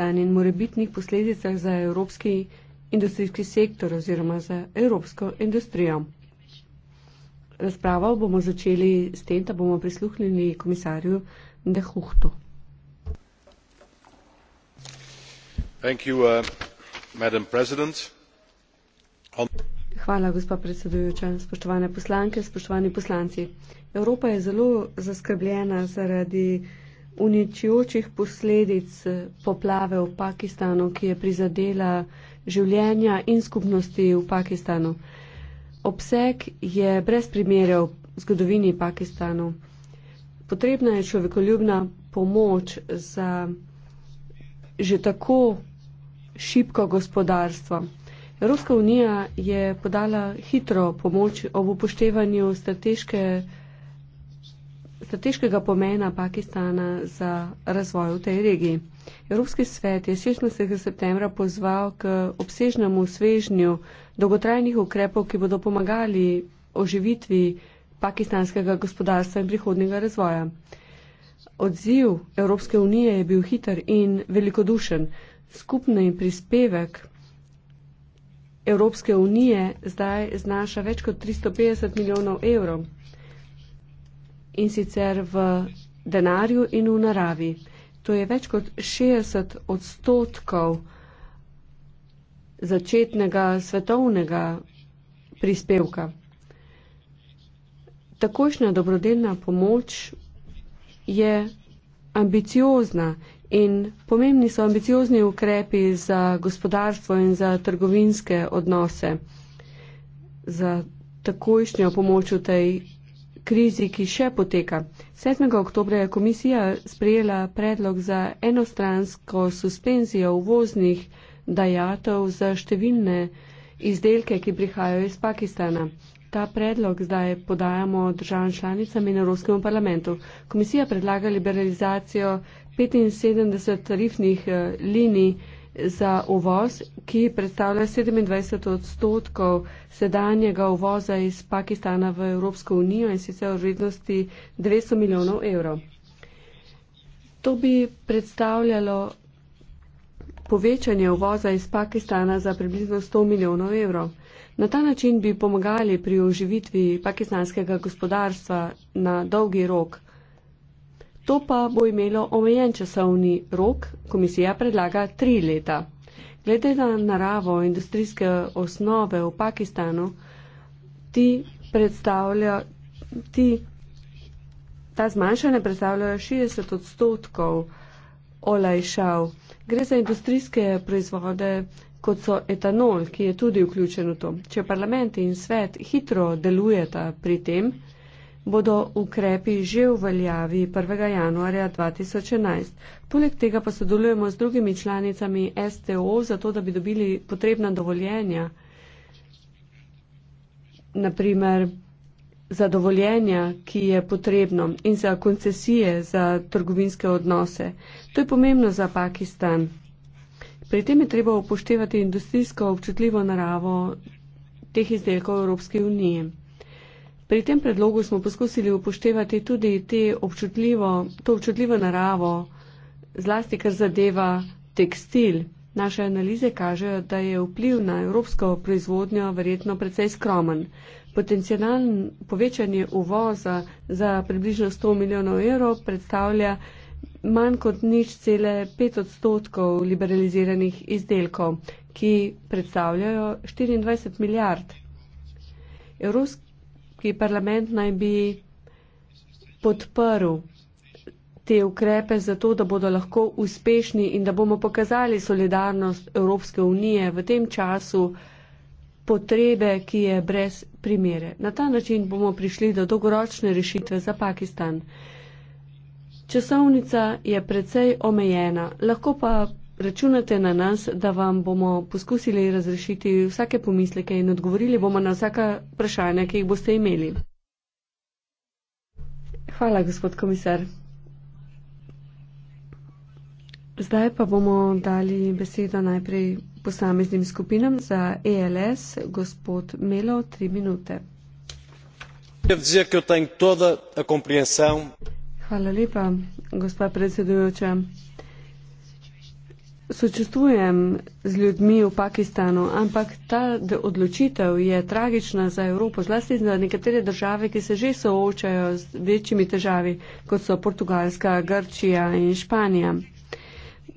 stanje in morebitnih posledicah za evropski industrijski sektor oziroma za evropsko industrijo. Razpravo bomo začeli s tem, da bomo prisluhnili komisarju De Huchtu. Uh, Hvala, gospa predsedujoča. Spoštovane poslanke, spoštovani poslanci. Evropa je zelo zaskrbljena zaradi uničujočih posledic poplave v Pakistanu, ki je prizadela življenja in skupnosti v Pakistanu. Obseg je brez primere v zgodovini Pakistanu. Potrebna je človekoljubna pomoč za že tako šipko gospodarstvo. Evropska unija je podala hitro pomoč ob upoštevanju strateške strateškega pomena Pakistana za razvoj v tej regiji. Evropski svet je 16. septembra pozval k obsežnemu svežnju dolgotrajnih ukrepov, ki bodo pomagali oživitvi pakistanskega gospodarstva in prihodnega razvoja. Odziv Evropske unije je bil hiter in velikodušen. Skupni prispevek Evropske unije zdaj znaša več kot 350 milijonov evrov in sicer v denarju in v naravi. To je več kot 60 odstotkov začetnega svetovnega prispevka. Takošnja dobrodelna pomoč je ambiciozna in pomembni so ambiciozni ukrepi za gospodarstvo in za trgovinske odnose, za takošnjo pomoč v tej krizi, ki še poteka. 7. oktobra je komisija sprejela predlog za enostransko suspenzijo uvoznih dajatov za številne izdelke, ki prihajajo iz Pakistana. Ta predlog zdaj podajamo državam članicam in Evropskemu parlamentu. Komisija predlaga liberalizacijo 75 tarifnih eh, linij za uvoz, ki predstavlja 27 odstotkov sedanjega uvoza iz Pakistana v Evropsko unijo in sicer v vrednosti 200 milijonov evrov. To bi predstavljalo povečanje uvoza iz Pakistana za približno 100 milijonov evrov. Na ta način bi pomagali pri oživitvi pakistanskega gospodarstva na dolgi rok. To pa bo imelo omejen časovni rok, komisija predlaga tri leta. Glede na naravo industrijske osnove v Pakistanu, ti predstavlja, ti, ta zmanjšanje predstavljajo 60 odstotkov olajšav. Gre za industrijske proizvode, kot so etanol, ki je tudi vključen v to. Če parlament in svet hitro delujeta pri tem, bodo ukrepi že v veljavi 1. januarja 2011. Poleg tega pa sodelujemo z drugimi članicami STO, zato da bi dobili potrebna dovoljenja. Naprimer, za dovoljenja, ki je potrebno in za koncesije za trgovinske odnose. To je pomembno za Pakistan. Pri tem je treba upoštevati industrijsko občutljivo naravo teh izdelkov Evropske unije. Pri tem predlogu smo poskusili upoštevati tudi občutljivo, to občutljivo naravo, zlasti kar zadeva tekstil. Naše analize kažejo, da je vpliv na evropsko proizvodnjo verjetno precej skromen. Potencijalen povečanje uvoza za približno 100 milijonov evrov predstavlja manj kot nič cele 5 odstotkov liberaliziranih izdelkov, ki predstavljajo 24 milijard. Evropski ki parlament naj bi podprl te ukrepe zato, da bodo lahko uspešni in da bomo pokazali solidarnost Evropske unije v tem času potrebe, ki je brez primere. Na ta način bomo prišli do dolgoročne rešitve za Pakistan. Časovnica je precej omejena, lahko pa računate na nas, da vam bomo poskusili razrešiti vsake pomisleke in odgovorili bomo na vsaka vprašanja, ki jih boste imeli. Hvala, gospod komisar. Zdaj pa bomo dali besedo najprej posameznim skupinam za ELS, gospod Melo, tri minute. Hvala lepa, gospod predsedujoča. Sočustvujem z ljudmi v Pakistanu, ampak ta odločitev je tragična za Evropo, zlasti za nekatere države, ki se že soočajo z večjimi težavi, kot so Portugalska, Grčija in Španija.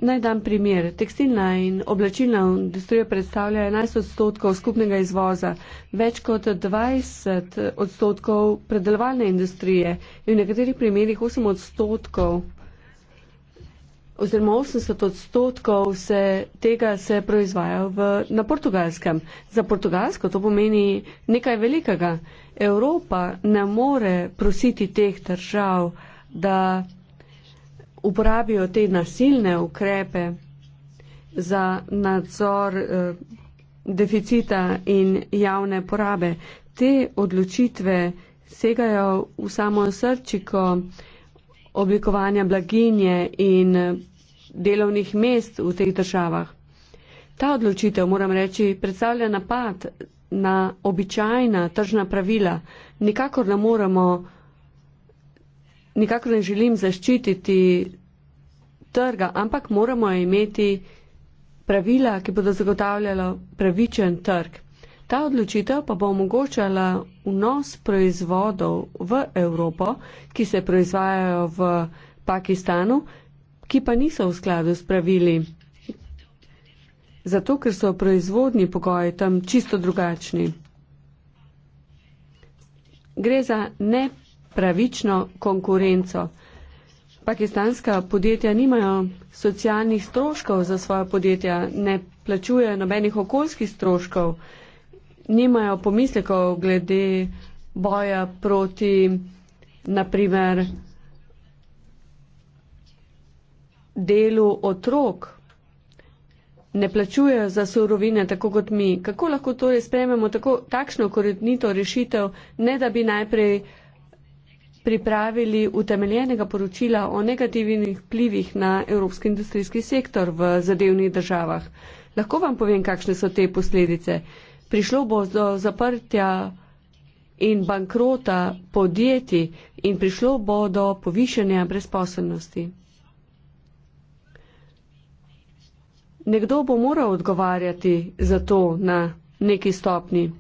Naj dam primer. Tekstilna in oblačilna industrija predstavlja 11 odstotkov skupnega izvoza, več kot 20 odstotkov predelovalne industrije in v nekaterih primerjih 8 odstotkov oziroma 80 odstotkov se, tega se proizvaja v, na portugalskem. Za portugalsko to pomeni nekaj velikega. Evropa ne more prositi teh držav, da uporabijo te nasilne ukrepe za nadzor eh, deficita in javne porabe. Te odločitve segajo v samo srčiko oblikovanja blaginje in delovnih mest v teh državah. Ta odločitev, moram reči, predstavlja napad na običajna tržna pravila. Nikakor ne moremo, nikakor ne želim zaščititi trga, ampak moramo imeti pravila, ki bodo zagotavljala pravičen trg. Ta odločitev pa bo omogočala vnos proizvodov v Evropo, ki se proizvajajo v Pakistanu, ki pa niso v skladu s pravili. Zato, ker so proizvodni pogoji tam čisto drugačni. Gre za nepravično konkurenco. Pakistanska podjetja nimajo socialnih stroškov za svoje podjetja, ne plačujejo nobenih okoljskih stroškov, nimajo pomislekov glede boja proti, naprimer, delu otrok, ne plačujejo za surovine tako kot mi. Kako lahko torej sprememo tako, takšno korenito rešitev, ne da bi najprej pripravili utemeljenega poročila o negativnih plivih na evropski industrijski sektor v zadevnih državah. Lahko vam povem, kakšne so te posledice. Prišlo bo do zaprtja in bankrota podjetij in prišlo bo do povišenja brezposobnosti. nekdo bo moral odgovarjati za to na neki stopni.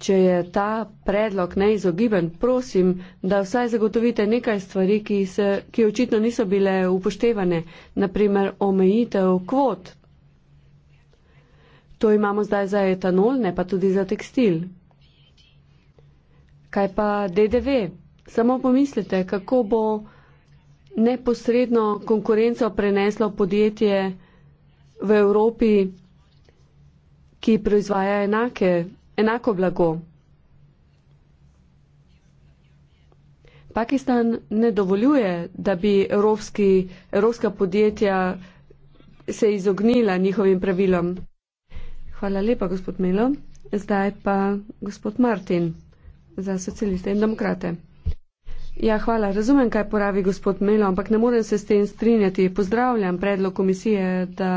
Če je ta predlog neizogiben, prosim, da vsaj zagotovite nekaj stvari, ki, se, ki očitno niso bile upoštevane, naprimer omejitev kvot. To imamo zdaj za etanol, ne pa tudi za tekstil. Kaj pa DDV? Samo pomislite, kako bo neposredno konkurenco preneslo podjetje v Evropi, ki proizvaja enake, enako blago. Pakistan ne dovoljuje, da bi evropski, evropska podjetja se izognila njihovim pravilom. Hvala lepa, gospod Melo. Zdaj pa gospod Martin za socialiste in demokrate. Ja, hvala. Razumem, kaj poravi gospod Melo, ampak ne morem se s tem strinjati. Pozdravljam predlog komisije, da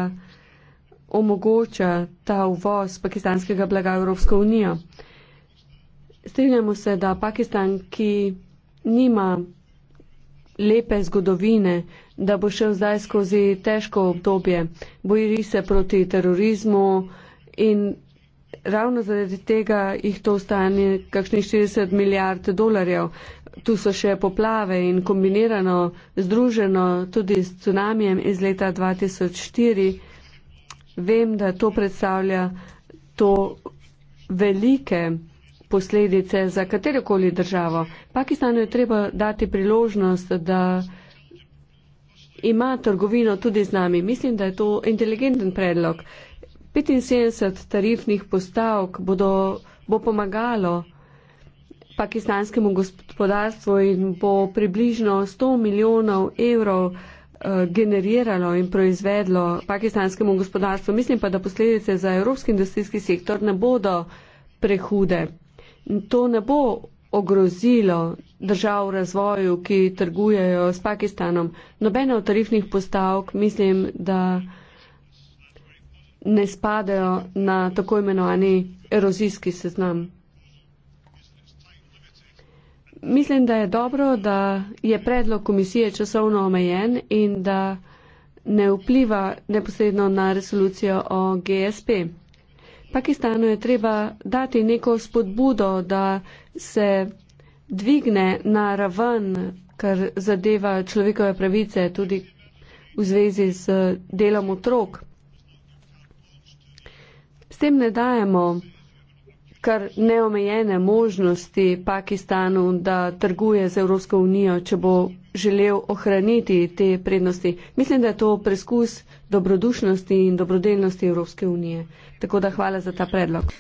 omogoča ta uvoz pakistanskega blaga v Evropsko unijo. Strinjamo se, da Pakistan, ki nima lepe zgodovine, da bo šel zdaj skozi težko obdobje, boji se proti terorizmu in ravno zaradi tega jih to ostane kakšnih 40 milijard dolarjev. Tu so še poplave in kombinirano, združeno tudi s tsunamijem iz leta 2004. Vem, da to predstavlja to velike posledice za katerokoli državo. Pakistanu je treba dati priložnost, da ima trgovino tudi z nami. Mislim, da je to inteligenten predlog. 75 tarifnih postavk bodo, bo pomagalo pakistanskemu gospodarstvu in bo približno 100 milijonov evrov eh, generiralo in proizvedlo pakistanskemu gospodarstvu. Mislim pa, da posledice za evropski industrijski sektor ne bodo prehude. To ne bo ogrozilo držav v razvoju, ki trgujejo s Pakistanom. Nobene od tarifnih postavk mislim, da ne spadajo na tako imenovani erozijski seznam mislim, da je dobro, da je predlog komisije časovno omejen in da ne vpliva neposredno na resolucijo o GSP. Pakistanu je treba dati neko spodbudo, da se dvigne na raven, kar zadeva človekove pravice, tudi v zvezi z delom otrok. S tem ne dajemo kar neomejene možnosti Pakistanu, da trguje z Evropsko unijo, če bo želel ohraniti te prednosti. Mislim, da je to preskus dobrodušnosti in dobrodelnosti Evropske unije. Tako da hvala za ta predlog.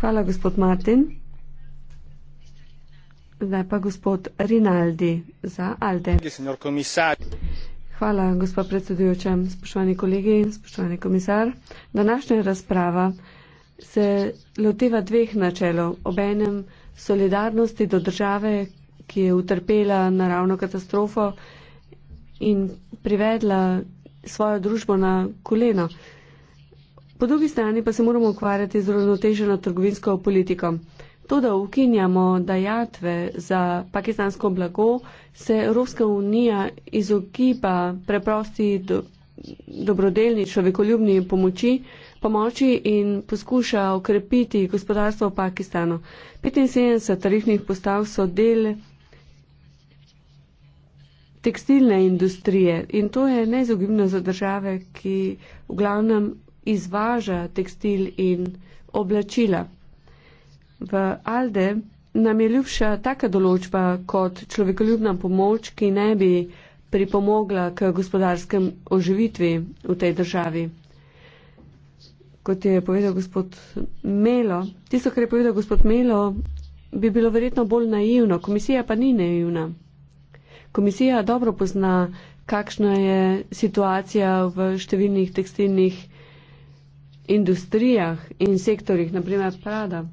Hvala, gospod Martin. Zdaj pa gospod Rinaldi za Alde. Hvala, gospod predsedujoča, spoštovani kolegi in spoštovani komisar. Današnja razprava se loteva dveh načelov. Obenem solidarnosti do države, ki je utrpela naravno katastrofo in privedla svojo družbo na koleno. Po drugi strani pa se moramo ukvarjati z uravnoteženo trgovinsko politiko. To, da ukinjamo dajatve za pakistansko blago, se Evropska unija izogiba preprosti do, dobrodelni človekoljubni pomoči, pomoči in poskuša okrepiti gospodarstvo v Pakistanu. 75 tarifnih postav so del tekstilne industrije in to je neizogibno za države, ki v glavnem izvaža tekstil in oblačila. V Alde nam je ljubša taka določba kot človekoljubna pomoč, ki ne bi pripomogla k gospodarskem oživitvi v tej državi kot je povedal gospod Melo. Tisto, kar je povedal gospod Melo, bi bilo verjetno bolj naivno. Komisija pa ni naivna. Komisija dobro pozna, kakšna je situacija v številnih tekstilnih industrijah in sektorjih, naprimer Prada.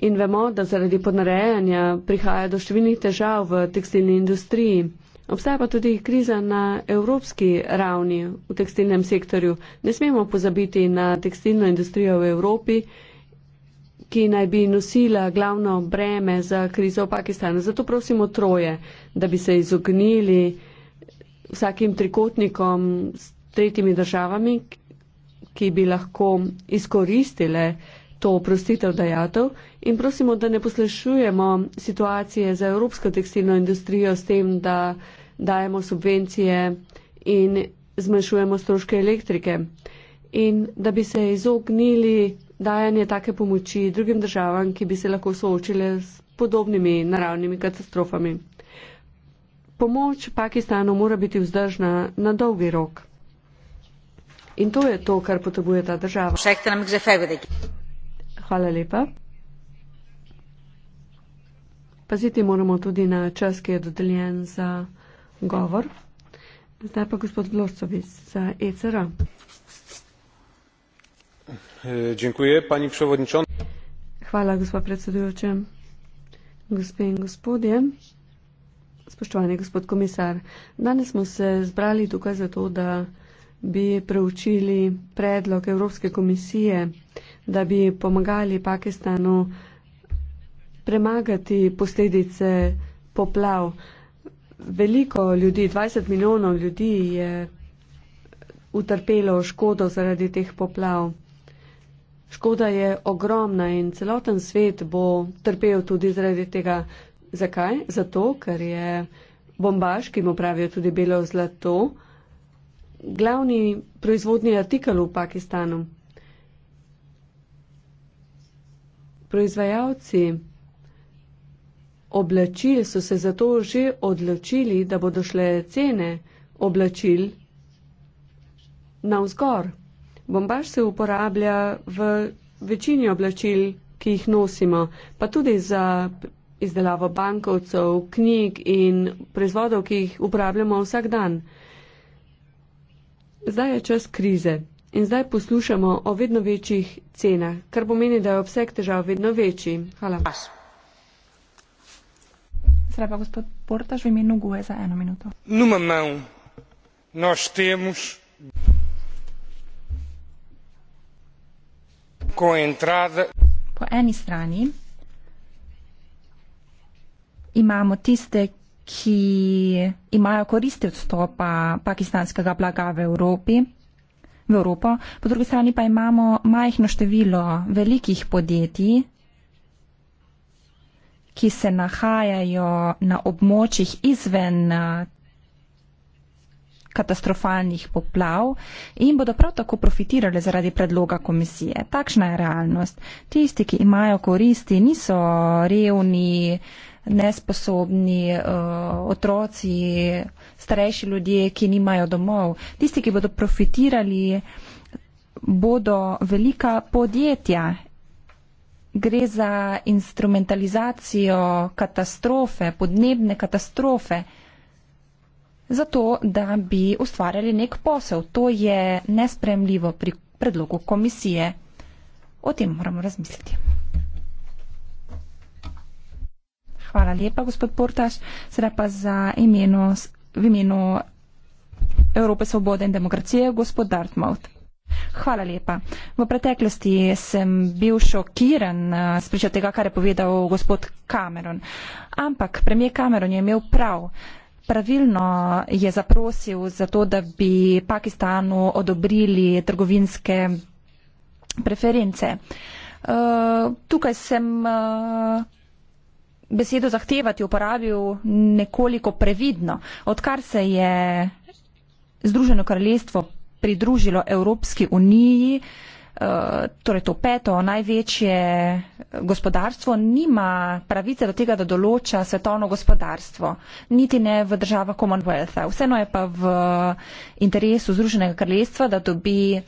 In vemo, da zaradi podnarejanja prihaja do številnih težav v tekstilni industriji. Obstaja pa tudi kriza na evropski ravni v tekstilnem sektorju. Ne smemo pozabiti na tekstilno industrijo v Evropi, ki naj bi nosila glavno breme za krizo v Pakistanu. Zato prosimo troje, da bi se izognili vsakim trikotnikom s tretjimi državami, ki bi lahko izkoristile to oprostitev dajatov in prosimo, da ne poslešujemo situacije za evropsko tekstilno industrijo s tem, da dajemo subvencije in zmanjšujemo stroške elektrike. In da bi se izognili dajanje take pomoči drugim državam, ki bi se lahko soočile s podobnimi naravnimi katastrofami. Pomoč Pakistanu mora biti vzdržna na dolgi rok. In to je to, kar potrebuje ta država. Hvala lepa. Paziti moramo tudi na čas, ki je dodeljen za govor. Zdaj pa gospod Vlorcovic za ECR. Dziękuję, pani przewodnicząca. Hvala, gospod predsedujoče. Gospe in gospodje, spoštovani gospod komisar, danes smo se zbrali tukaj zato, da bi preučili predlog Evropske komisije, da bi pomagali Pakistanu premagati posledice poplav veliko ljudi, 20 milijonov ljudi je utrpelo škodo zaradi teh poplav. Škoda je ogromna in celoten svet bo trpel tudi zaradi tega. Zakaj? Zato, ker je bombaž, ki mu pravijo tudi belo zlato, glavni proizvodni artikel v Pakistanu. Proizvajalci oblačil, so se zato že odločili, da bodo šle cene oblačil navzgor. Bombaž se uporablja v večini oblačil, ki jih nosimo, pa tudi za izdelavo bankovcev, knjig in proizvodov, ki jih uporabljamo vsak dan. Zdaj je čas krize in zdaj poslušamo o vedno večjih cenah, kar pomeni, da je obseg težav vedno večji. Hvala. Pas. Razprava gospod Portaž v imenu GUE za eno minuto. Numa mão nós temos com a entrada. Po eni strani imamo tiste, ki imajo koristi od stopa pakistanskega blaga v Evropi, v Evropo, po drugi strani pa imamo majhno število velikih podjetij, ki se nahajajo na območjih izven eh, katastrofalnih poplav in bodo prav tako profitirali zaradi predloga komisije. Takšna je realnost. Tisti, ki imajo koristi, niso revni, nesposobni, eh, otroci, starejši ljudje, ki nimajo domov. Tisti, ki bodo profitirali, bodo velika podjetja gre za instrumentalizacijo katastrofe, podnebne katastrofe, zato da bi ustvarjali nek posel. To je nespremljivo pri predlogu komisije. O tem moramo razmisliti. Hvala lepa, gospod Portaš. Sedaj pa za imeno, v imenu Evrope svobode in demokracije, gospod Dartmouth. Hvala lepa. V preteklosti sem bil šokiran uh, eh, spričo tega, kar je povedal gospod Cameron. Ampak premijer Cameron je imel prav. Pravilno je zaprosil za to, da bi Pakistanu odobrili trgovinske preference. Uh, tukaj sem. Uh, besedo zahtevati uporabil nekoliko previdno. Odkar se je Združeno kraljestvo pridružilo Evropski uniji, eh, torej to peto največje gospodarstvo, nima pravice do tega, da določa svetovno gospodarstvo, niti ne v državah Commonwealtha. Vseeno je pa v interesu Združenega kraljestva, da dobi eh,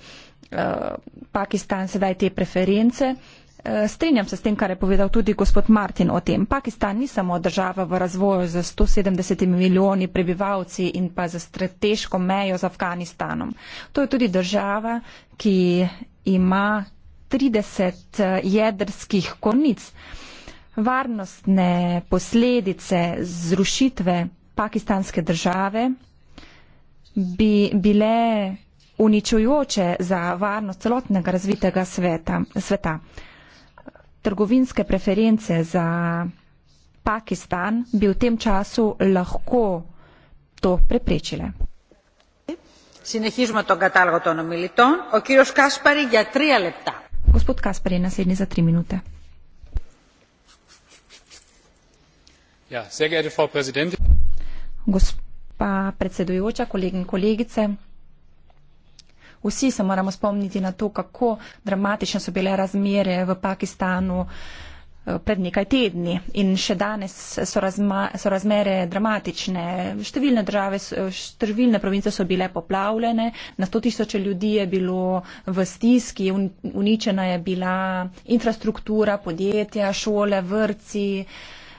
Pakistan sedaj te preference. Eh, Strenjam se s tem, kar je povedal tudi gospod Martin o tem. Pakistan ni samo država v razvoju z 170 milijoni prebivalci in pa z strateško mejo z Afganistanom. To je tudi država, ki ima 30 eh, jedrskih konic. Varnostne posledice zrušitve pakistanske države bi bile uničujoče za varnost celotnega razvitega sveta. sveta trgovinske preference za Pakistan bi v tem času lahko to preprečile. Συνεχίζουμε τον κατάλογο των ομιλητών. Ο κύριος Κάσπαρη για τρία λεπτά. Господ Κάσπαρη, να σε για τρία μινούτα. Ja, sehr geehrte Frau Präsidentin. Госпа председујуча, колеги и колегице, Vsi se moramo spomniti na to, kako dramatične so bile razmere v Pakistanu eh, pred nekaj tedni in še danes so, razma, so razmere dramatične. Številne države, številne province so bile poplavljene, na 100 tisoče ljudi je bilo v stiski, uničena je bila infrastruktura, podjetja, šole, vrci.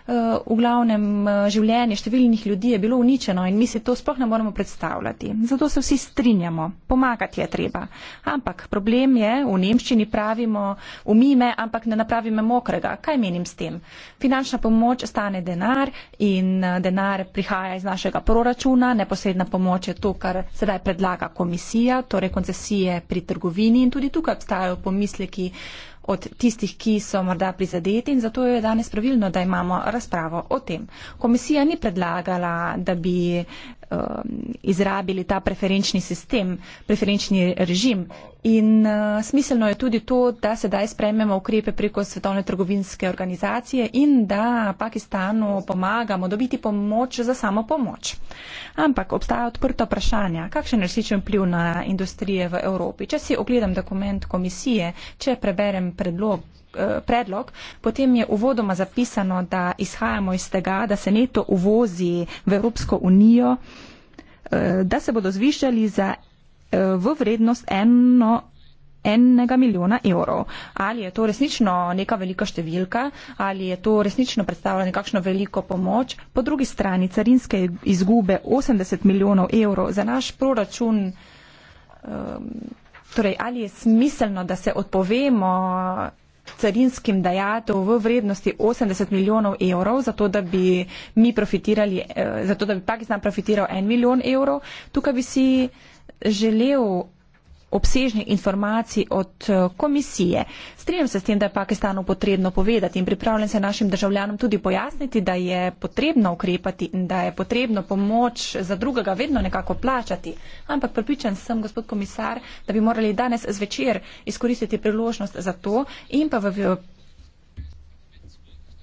Eh, v glavnem eh, življenje številnih ljudi je bilo uničeno in mi se to sploh ne moremo predstavljati. Zato se vsi strinjamo, pomagati je treba. Ampak problem je, v Nemščini pravimo, umime, ampak ne napravime mokrega. Kaj menim s tem? Finančna pomoč stane denar in eh, denar prihaja iz našega proračuna, neposredna pomoč je to, kar sedaj predlaga komisija, torej koncesije pri trgovini in tudi tukaj obstajajo pomisleki od tistih, ki so morda prizadeti in zato je danes pravilno, da imamo razpravo o tem. Komisija ni predlagala, da bi Um, izrabili ta preferenčni sistem, preferenčni režim. In uh, smiselno je tudi to, da sedaj sprememo ukrepe preko Svetovne trgovinske organizacije in da Pakistanu pomagamo dobiti pomoč za samo pomoč. Ampak obstaja odprta vprašanja, kakšen resničen pliv na industrije v Evropi. Če si ogledam dokument komisije, če preberem predlog Eh, predlog, potem je uvodoma zapisano, da izhajamo iz tega, da se neto uvozi v Evropsko unijo, eh, da se bodo zvišali za, eh, v vrednost eno, enega milijona evrov. Ali je to resnično neka velika številka, ali je to resnično predstavljalo nekakšno veliko pomoč. Po drugi strani carinske izgube 80 milijonov evrov za naš proračun. Um, torej, ali je smiselno, da se odpovemo carinskim dajatev v vrednosti 80 milijonov evrov, zato da bi mi profitirali, eh, zato da bi Pakistan profitiral en milijon evrov. Tukaj bi si želel obsežnih informacij od eh, komisije. Strinjam se s tem, da je Pakistanu potrebno povedati in pripravljam se našim državljanom tudi pojasniti, da je potrebno ukrepati in da je potrebno pomoč za drugega vedno nekako plačati. Ampak pripričan sem, gospod komisar, da bi morali danes zvečer izkoristiti priložnost za to in pa v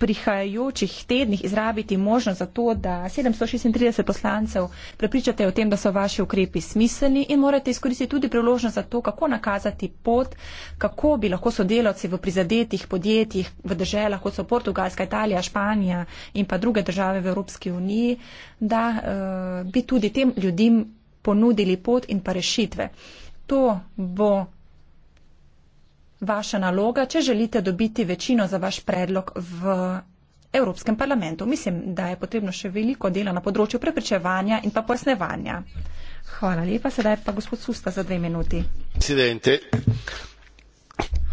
prihajajočih tednih izrabiti možnost za to, da 736 poslancev prepričate o tem, da so vaši ukrepi smiselni in morate izkoristiti tudi priložnost za to, kako nakazati pot, kako bi lahko sodelavci v prizadetih podjetjih v državah, kot so Portugalska, Italija, Španija in pa druge države v Evropski uniji, da uh, bi tudi tem ljudem ponudili pot in pa rešitve. To bo vaša naloga, če želite dobiti večino za vaš predlog v Evropskem parlamentu. Mislim, da je potrebno še veliko dela na področju preprečevanja in pa pojasnevanja. Hvala lepa, sedaj pa gospod Susta za dve minuti. Incidente.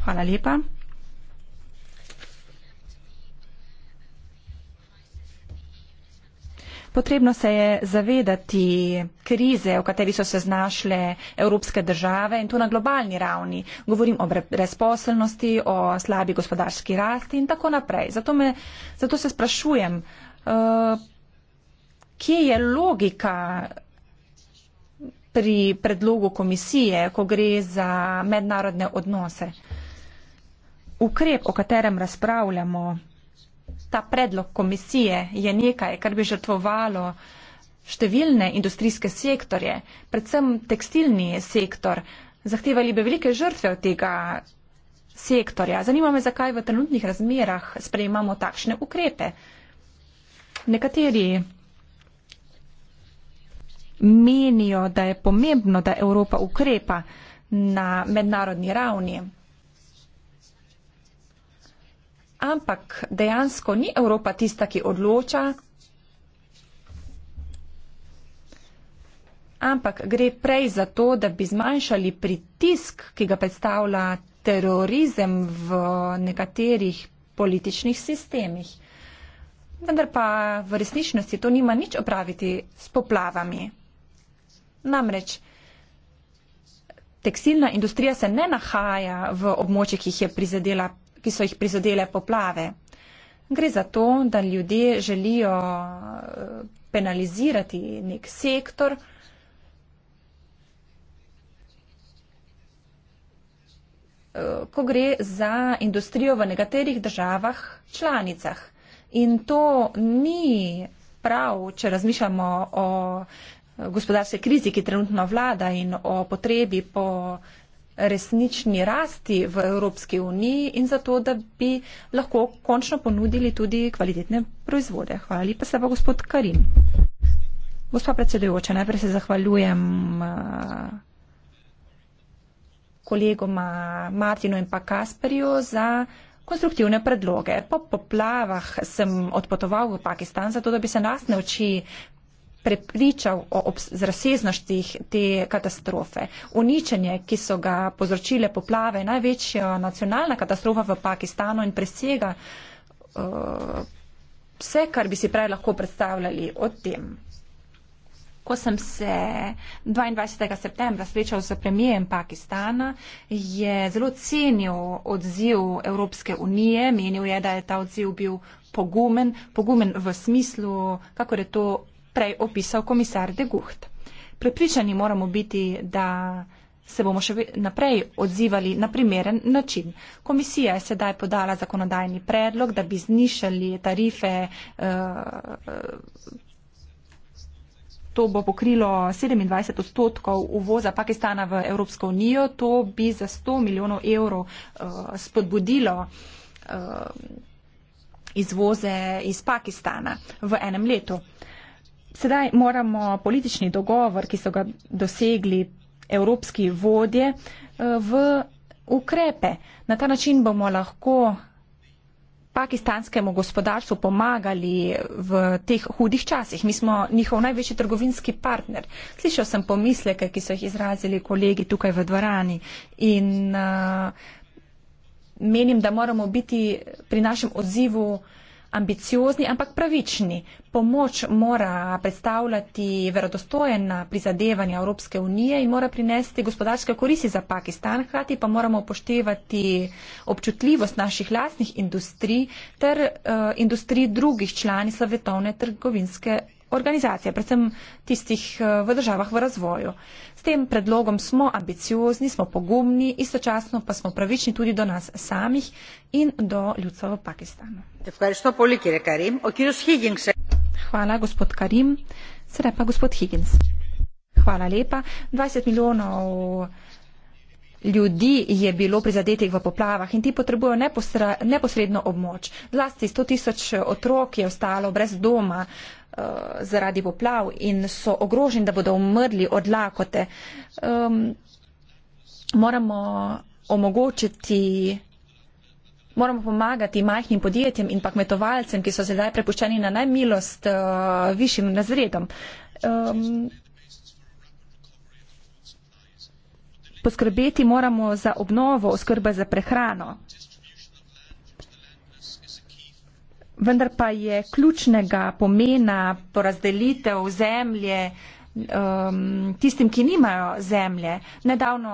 Hvala lepa. Potrebno se je zavedati krize, v kateri so se znašle evropske države in to na globalni ravni. Govorim o brezposelnosti, o slabi gospodarski rasti in tako naprej. Zato, me, zato se sprašujem, uh, kje je logika pri predlogu komisije, ko gre za mednarodne odnose. Ukrep, o katerem razpravljamo, ta predlog komisije je nekaj, kar bi žrtvovalo številne industrijske sektorje, predvsem tekstilni sektor. Zahtevali bi velike žrtve od tega sektorja. Zanima me, zakaj v trenutnih razmerah sprejemamo takšne ukrepe. Nekateri menijo, da je pomembno, da Evropa ukrepa na mednarodni ravni ampak dejansko ni Evropa tista, ki odloča, ampak gre prej za to, da bi zmanjšali pritisk, ki ga predstavlja terorizem v nekaterih političnih sistemih. Vendar pa v resničnosti to nima nič opraviti s poplavami. Namreč tekstilna industrija se ne nahaja v območjih, ki jih je prizadela ki so jih prizadele poplave. Gre za to, da ljudje želijo eh, penalizirati nek sektor, eh, ko gre za industrijo v nekaterih državah članicah. In to ni prav, če razmišljamo o eh, gospodarske krizi, ki trenutno vlada in o potrebi po resnični rasti v Evropski uniji in zato, da bi lahko končno ponudili tudi kvalitetne proizvode. Hvala lepa se pa gospod Karim. Gospa predsedujoča, najprej se zahvaljujem eh, kolegoma Martinu in pa Kasperju za konstruktivne predloge. Po poplavah sem odpotoval v Pakistan, zato da bi se nas ne oči prepričal o razsežnostih te katastrofe. Uničenje, ki so ga povzročile poplave, je največja nacionalna katastrofa v Pakistanu in presega uh, vse, kar bi si prej lahko predstavljali o tem. Ko sem se 22. septembra srečal z premijem Pakistana, je zelo cenil odziv Evropske unije. Menil je, da je ta odziv bil pogumen, pogumen v smislu, kako je to prej opisal komisar De Gucht. Prepričani moramo biti, da se bomo še naprej odzivali na primeren način. Komisija je sedaj podala zakonodajni predlog, da bi znišali tarife. Uh, To bo pokrilo 27 odstotkov uvoza Pakistana v Evropsko unijo. To bi za 100 milijonov evrov uh, spodbudilo uh, izvoze iz Pakistana v enem letu. Sedaj moramo politični dogovor, ki so ga dosegli evropski vodje, eh, v ukrepe. Na ta način bomo lahko pakistanskemu gospodarstvu pomagali v teh hudih časih. Mi smo njihov največji trgovinski partner. Slišal sem pomisleke, ki so jih izrazili kolegi tukaj v dvorani in uh, menim, da moramo biti pri našem odzivu uh, ambiciozni, ampak pravični. Pomoč mora predstavljati verodostojena prizadevanja Evropske unije in mora prinesti gospodarske koristi za Pakistan, hkrati pa moramo upoštevati občutljivost naših lastnih industrij ter uh, industrij drugih članic Svetovne trgovinske organizacije, predvsem tistih eh, v državah v razvoju. S tem predlogom smo ambiciozni, smo pogumni, istočasno pa smo pravični tudi do nas samih in do ljudstva v Pakistanu. Hvala, gospod Karim. Sedaj pa gospod Higgins. Hvala lepa. 20 milijonov ljudi je bilo prizadetih v poplavah in ti potrebujo neposre, neposredno območ. Zlasti 100 tisoč otrok je ostalo brez doma uh, zaradi poplav in so ogroženi, da bodo umrli od lakote. Um, moramo omogočiti. Moramo pomagati majhnim podjetjem in pa kmetovalcem, ki so sedaj prepuščeni na najmilost uh, višjim razredom. Um, poskrbeti moramo za obnovo oskrbe za prehrano. Vendar pa je ključnega pomena porazdelitev zemlje, um, tistim, ki nimajo zemlje. Nedavno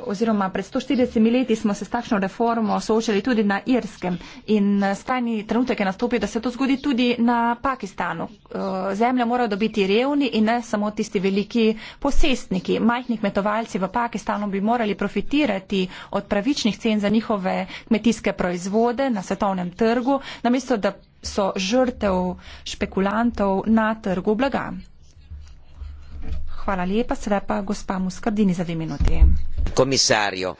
oziroma pred 140 leti smo se s takšno reformo soočali tudi na Irskem in uh, stani trenutek je nastopil, da se to zgodi tudi na Pakistanu. Uh, zemlje morajo dobiti revni in ne samo tisti veliki posestniki. Majhni kmetovalci v Pakistanu bi morali profitirati od pravičnih cen za njihove kmetijske proizvode na svetovnem trgu, namesto da so žrtev špekulantov na trgu blaga. Hvala lepa, sedaj pa gospa Muskardini za dve minuti. Komisarjo.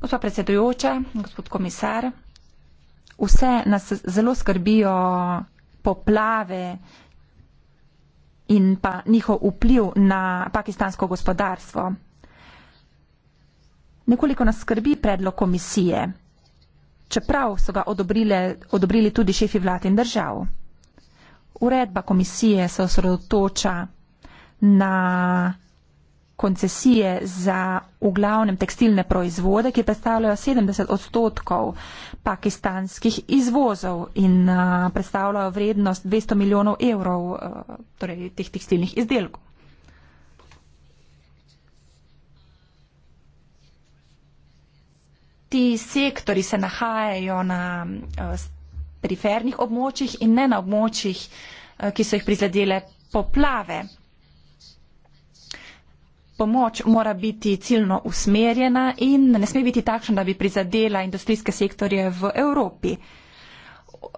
Gospa predsedujoča, gospod komisar, vse nas zelo skrbijo poplave in pa njihov vpliv na pakistansko gospodarstvo. Nekoliko nas skrbi predlog komisije, čeprav so ga odobrile, odobrili tudi šefi vlad in držav. Uredba komisije se osredotoča na koncesije za v glavnem tekstilne proizvode, ki predstavljajo 70 odstotkov pakistanskih izvozov in uh, predstavljajo vrednost 200 milijonov evrov uh, torej, teh tekstilnih izdelkov. Ti sektori se nahajajo na uh, perifernih območjih in ne na območjih, uh, ki so jih prizadele poplave pomoč mora biti ciljno usmerjena in ne sme biti takšna, da bi prizadela industrijske sektorje v Evropi.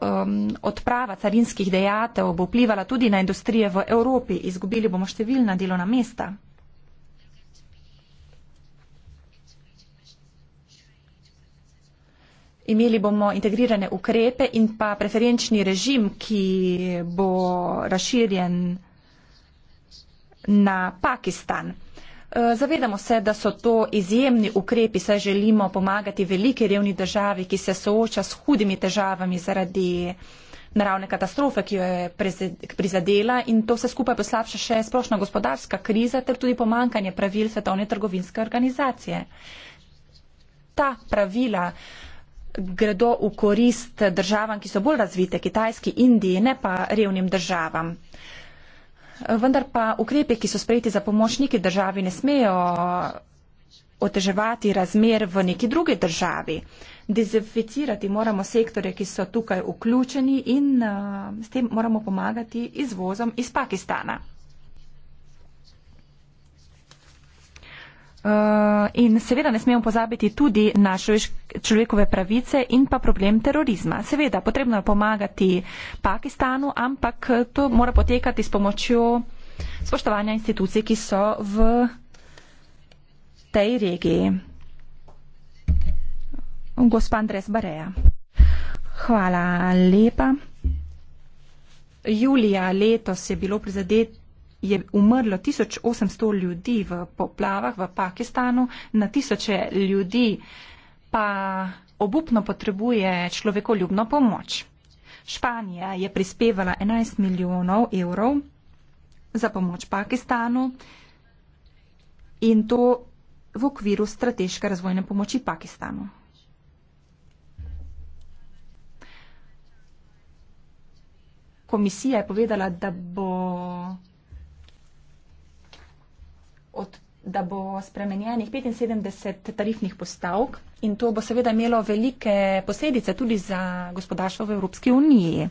Um, odprava carinskih dejatev bo vplivala tudi na industrije v Evropi. Izgubili bomo številna delovna mesta. Imeli bomo integrirane ukrepe in pa preferenčni režim, ki bo razširjen na Pakistan. Eh, zavedamo se, da so to izjemni ukrepi, saj želimo pomagati veliki revni državi, ki se sooča s hudimi težavami zaradi naravne katastrofe, ki jo je prizadela in to se skupaj poslabša še splošna gospodarska kriza ter tudi pomankanje pravil Svetovne trgovinske organizacije. Ta pravila gredo v korist državam, ki so bolj razvite, Kitajski, Indiji, ne pa revnim državam vendar pa ukrepe, ki so sprejeti za pomočniki državi, ne smejo oteževati razmer v neki drugi državi. Dezinficirati moramo sektore, ki so tukaj vključeni in uh, s tem moramo pomagati izvozom iz Pakistana. Eh, in seveda ne smemo pozabiti tudi na človekove pravice in pa problem terorizma. Seveda, potrebno je pomagati Pakistanu, ampak eh, to mora potekati s pomočjo spoštovanja institucij, ki so v tej regiji. Gospa Andres Bareja. Hvala lepa. Julija letos je bilo prizadeto je umrlo 1800 ljudi v poplavah v Pakistanu, na tisoče ljudi pa obupno potrebuje človekoljubno pomoč. Španija je prispevala 11 milijonov evrov za pomoč Pakistanu in to v okviru strateške razvojne pomoči Pakistanu. Komisija je povedala, da bo od, da bo spremenjenih 75 tarifnih postavk in to bo seveda imelo velike posledice tudi za gospodarstvo v Evropski uniji.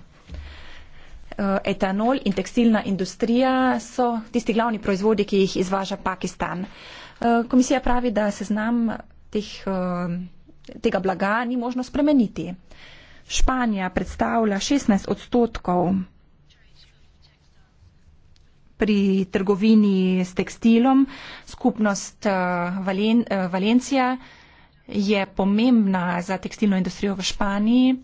Eh, etanol in tekstilna industrija so tisti glavni proizvodi, ki jih izvaža Pakistan. Eh, komisija pravi, da se znam teh, eh, tega blaga ni možno spremeniti. Španija predstavlja 16 odstotkov pri trgovini s tekstilom. Skupnost eh, Valen, eh, Valencija je pomembna za tekstilno industrijo v Španiji.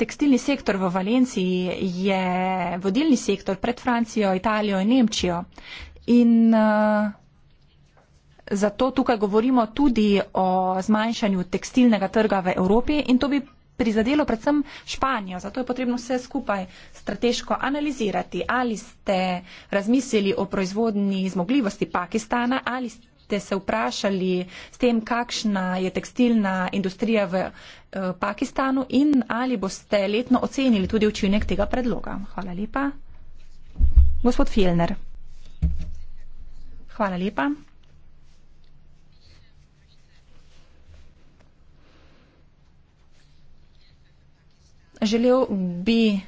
Tekstilni sektor v Valenciji je vodilni sektor pred Francijo, Italijo in Nemčijo. In uh, zato tukaj govorimo tudi o zmanjšanju tekstilnega trga v Evropi in to bi prizadelo predvsem Španijo. Zato je potrebno vse skupaj strateško analizirati. Ali ste razmislili o proizvodni zmogljivosti Pakistana, ali ste se vprašali s tem, kakšna je tekstilna industrija v eh, Pakistanu in ali boste letno ocenili tudi učinek tega predloga. Hvala lepa. Gospod Filner. Hvala lepa. Želel bi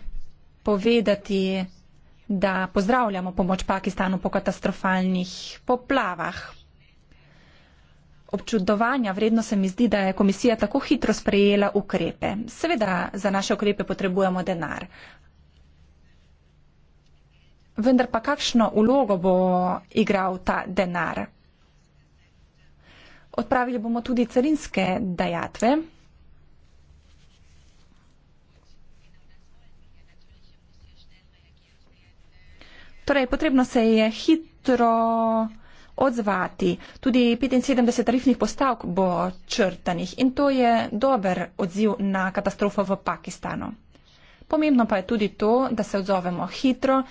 povedati, da pozdravljamo pomoč Pakistanu po katastrofalnih poplavah. Občudovanja vredno se mi zdi, da je komisija tako hitro sprejela ukrepe. Seveda za naše ukrepe potrebujemo denar. Vendar pa kakšno ulogo bo igral ta denar? Odpravili bomo tudi carinske dajatve. Torej, potrebno se je hitro odzvati. Tudi 75 tarifnih postavk bo črtanih in to je dober odziv na katastrofo v Pakistanu. Pomembno pa je tudi to, da se odzovemo hitro,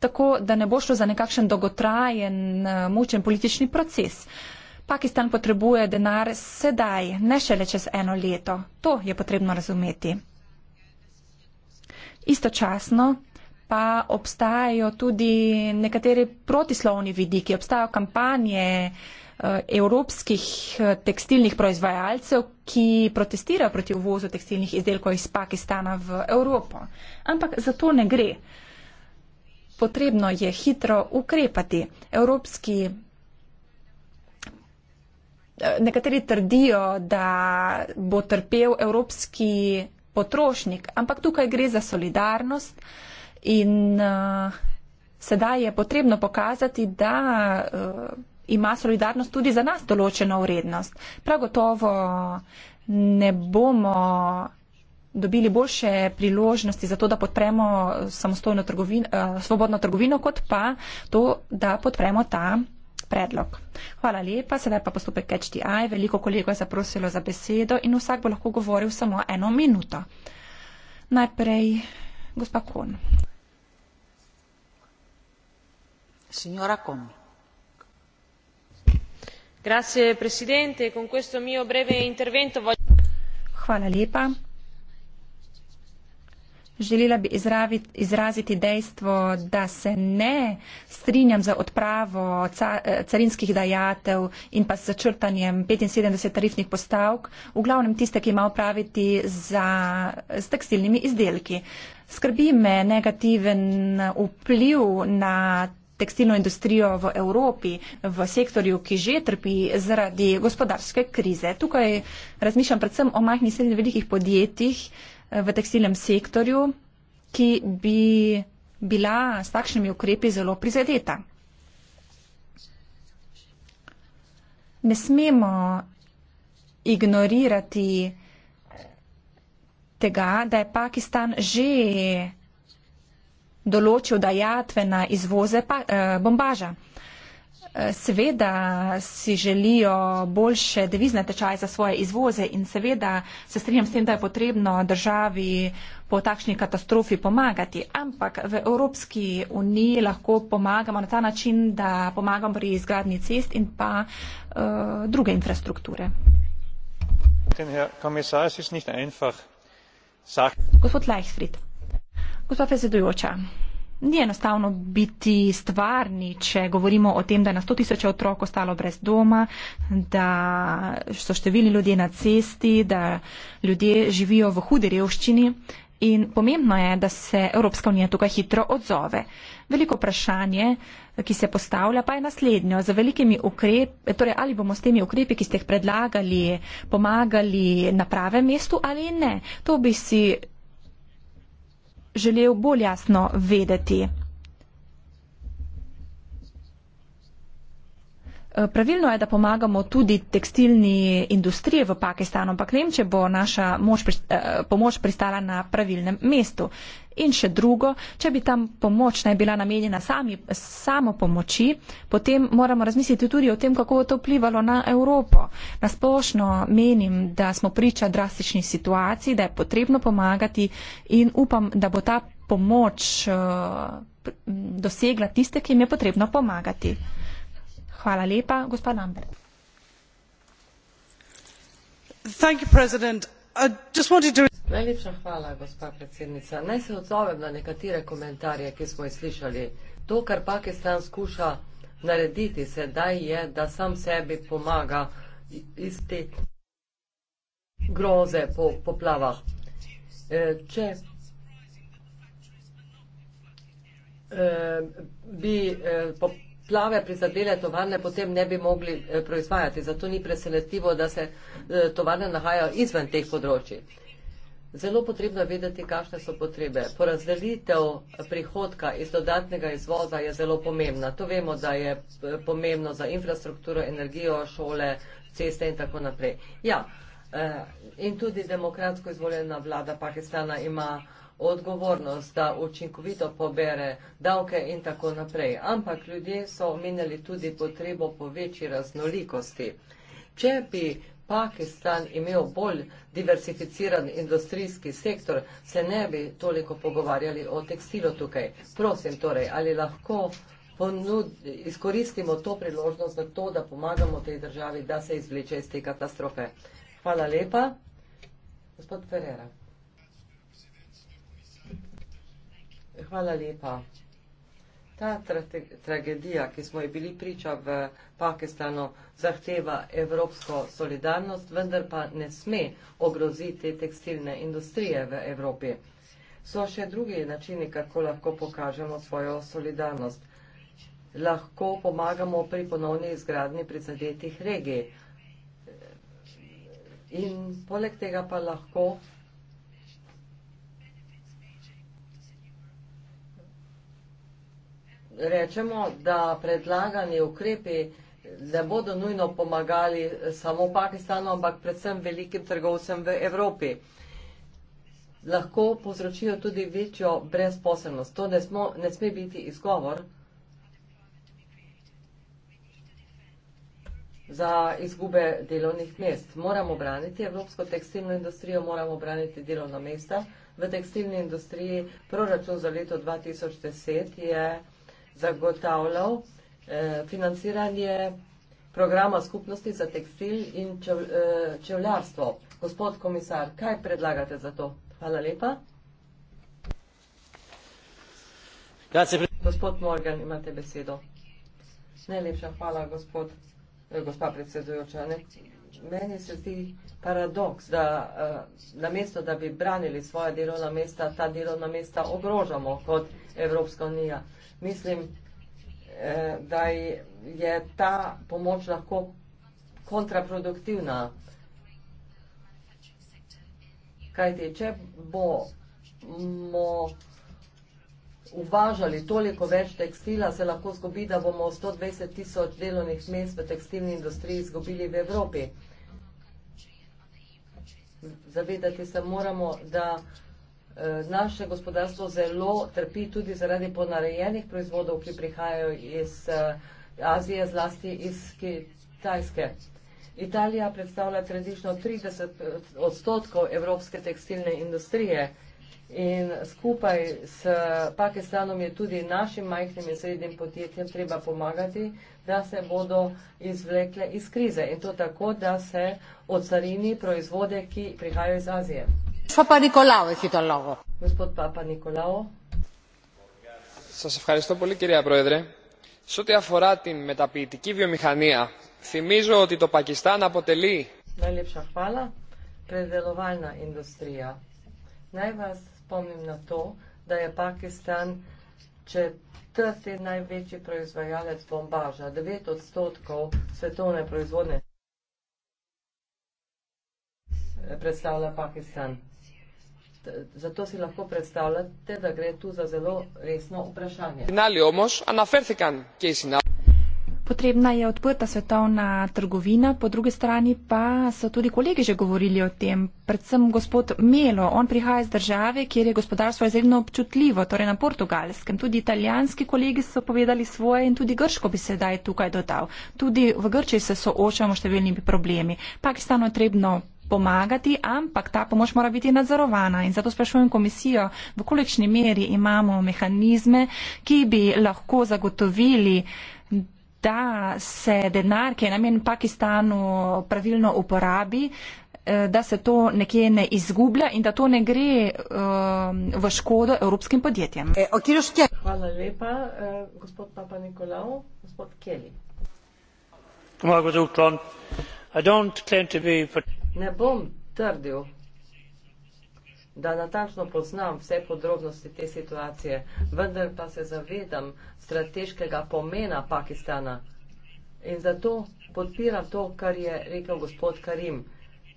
tako da ne bo šlo za nekakšen dolgotrajen, eh, mučen politični proces. Pakistan potrebuje denar sedaj, ne šele čez eno leto. To je potrebno razumeti. Istočasno pa obstajajo tudi nekateri protislovni vidiki. Obstajajo kampanje eh, evropskih eh, tekstilnih proizvajalcev, ki protestirajo proti uvozu tekstilnih izdelkov iz Pakistana v Evropo. Ampak za to ne gre. Potrebno je hitro ukrepati. Evropski eh, Nekateri trdijo, da bo trpel evropski potrošnik, ampak tukaj gre za solidarnost, uh, In uh, sedaj je potrebno pokazati, da uh, ima solidarnost tudi za nas določeno vrednost. Prav gotovo ne bomo dobili boljše priložnosti za to, da podpremo eh, trgovino, uh, svobodno trgovino, kot pa to, da podpremo ta predlog. Hvala lepa, sedaj pa postopek HDI. Veliko kolego je zaprosilo za besedo in vsak bo lahko govoril samo eno minuto. Najprej gospa Kon signora presidente con questo mio breve intervento voglio. želela bi izraziti dejstvo da se ne strinjam z odpravo eh, carinskih dajatev in pa s črtanjem petinsedemdeset tarifnih postavk v glavnem tiste ki ima opraviti za, s tekstilnimi izdelki. skrbi me negativen vpliv na tekstilno industrijo v Evropi, v sektorju, ki že trpi zaradi gospodarske krize. Tukaj razmišljam predvsem o majhnih in velikih podjetjih eh, v tekstilnem sektorju, ki bi bila s takšnimi ukrepi zelo prizadeta. Ne smemo ignorirati tega, da je Pakistan že določil dajatve na izvoze pa, eh, bombaža. Eh, seveda si želijo boljše devizne tečaje za svoje izvoze in seveda se strinjam s tem, da je potrebno državi po takšni katastrofi pomagati, ampak v Evropski uniji lahko pomagamo na ta način, da pomagamo pri izgradni cest in pa uh, druge infrastrukture. Gospod Leichfried kot pa vezdujoča. Ni enostavno biti stvarni, če govorimo o tem, da je na 100 tisoč otrok ostalo brez doma, da so številni ljudje na cesti, da ljudje živijo v hudi revščini. In pomembno je, da se Evropska unija tukaj hitro odzove. Veliko vprašanje, ki se postavlja, pa je naslednjo. Ukrep, torej ali bomo s temi ukrepi, ki ste jih predlagali, pomagali na pravem mestu ali ne? To bi si želel bolj jasno vedeti. Eh, pravilno je, da pomagamo tudi tekstilni industriji v Pakistanu, ampak vem, če bo naša moč, eh, pomoč pristala na pravilnem mestu. In še drugo, če bi tam pomoč naj bila namenjena sami, samo pomoči, potem moramo razmisliti tudi o tem, kako bo to vplivalo na Evropo. Nasplošno menim, da smo priča drastični situaciji, da je potrebno pomagati in upam, da bo ta pomoč uh, dosegla tiste, ki jim je potrebno pomagati. Hvala lepa. Gospa Lambert. Najlepša hvala, gospa predsednica. Naj se odzovem na nekatere komentarje, ki smo jih slišali. To, kar Pakistan skuša narediti sedaj, je, da sam sebi pomaga iz te groze po poplavah. E, če e, bi e, poplava plave prizadele tovarne potem ne bi mogli eh, proizvajati. Zato ni presenetljivo, da se eh, tovarne nahajajo izven teh področji. Zelo potrebno je vedeti, kakšne so potrebe. Porazdelitev prihodka iz dodatnega izvoza je zelo pomembna. To vemo, da je eh, pomembno za infrastrukturo, energijo, šole, ceste in tako naprej. Ja, in tudi demokratsko izvoljena vlada Pakistana ima odgovornost, da učinkovito pobere davke in tako naprej. Ampak ljudje so omenjali tudi potrebo po večji raznolikosti. Če bi Pakistan imel bolj diversificiran industrijski sektor, se ne bi toliko pogovarjali o tekstilu tukaj. Prosim torej, ali lahko izkoristimo to priložnost za to, da pomagamo tej državi, da se izvleče iz te katastrofe. Hvala lepa. Gospod Ferreira. Hvala lepa. Ta tra tragedija, ki smo ji bili priča v Pakistanu, zahteva evropsko solidarnost, vendar pa ne sme ogroziti tekstilne industrije v Evropi. So še drugi načini, kako lahko pokažemo svojo solidarnost. Lahko pomagamo pri ponovni izgradni prizadetih regij. In poleg tega pa lahko rečemo, da predlagani ukrepi ne bodo nujno pomagali samo Pakistanu, ampak predvsem velikim trgovcem v Evropi. Lahko povzročijo tudi večjo brezposobnost. To ne, smo, ne sme biti izgovor za izgube delovnih mest. Moramo braniti evropsko tekstilno industrijo, moramo braniti delovna mesta. V tekstilni industriji proračun za leto 2010 je zagotavljal eh, financiranje programa skupnosti za tekstil in eh, čevljarstvo. Gospod komisar, kaj predlagate za to? Hvala lepa. Gospod Morgan, imate besedo. Najlepša hvala, gospod, eh, gospa predsedujoča. Ne? meni se zdi paradoks, da uh, namesto, da bi branili svoje delovna mesta, ta delovna mesta ogrožamo kot Evropska unija. Mislim, eh, da je ta pomoč lahko kontraproduktivna. Kajti, če bomo uvažali toliko več tekstila, se lahko zgodi, da bomo 120 tisoč delovnih mest v tekstilni industriji izgubili v Evropi zavedati se moramo, da eh, naše gospodarstvo zelo trpi tudi zaradi ponarejenih proizvodov, ki prihajajo iz eh, Azije, zlasti iz Kitajske. Italija predstavlja tradično 30 eh, odstotkov evropske tekstilne industrije in skupaj s Pakistanom je tudi našim majhnim in srednjim podjetjem treba pomagati, da se bodo izvlekle iz krize in to tako, da se ocarini proizvode, ki prihajajo iz Azije. Papa Nikolao, Gospod Papa Nikolao. Σας ευχαριστώ πολύ κυρία Πρόεδρε. Σε ό,τι αφορά την μεταποιητική βιομηχανία, θυμίζω ότι το Πακιστάν αποτελεί... Najlepša hvala, predelovalna industrija. Naj vas spomnim na to, da je Pakistan če TS je največji proizvajalec bombaža, 9 odstotkov svetovne proizvodne predstavlja Pakistan. Zato si lahko predstavljate, da gre tu za zelo resno vprašanje. Finali Omoš, a naferthikan, kje si na potrebna je odprta svetovna trgovina, po drugi strani pa so tudi kolegi že govorili o tem, predvsem gospod Melo. On prihaja iz države, kjer je gospodarstvo izredno občutljivo, torej na portugalskem. Tudi italijanski kolegi so povedali svoje in tudi grško bi se daj tukaj dodal. Tudi v Grčiji se soočamo številnimi problemi. Pakistanu je trebno pomagati, ampak ta pomoč mora biti nadzorovana in zato sprašujem komisijo, v kolikšni meri imamo mehanizme, ki bi lahko zagotovili da se denar, ki je namen Pakistanu, pravilno uporabi, eh, da se to nekje ne izgublja in da to ne gre ehm, v škodo evropskim podjetjem. Eh, Hvala lepa, eh, gospod Papa Nikolau, gospod Kelly. Ne bom trdil, da natančno poznam vse podrobnosti te situacije, vendar pa se zavedam strateškega pomena Pakistana. In zato podpiram to, kar je rekel gospod Karim.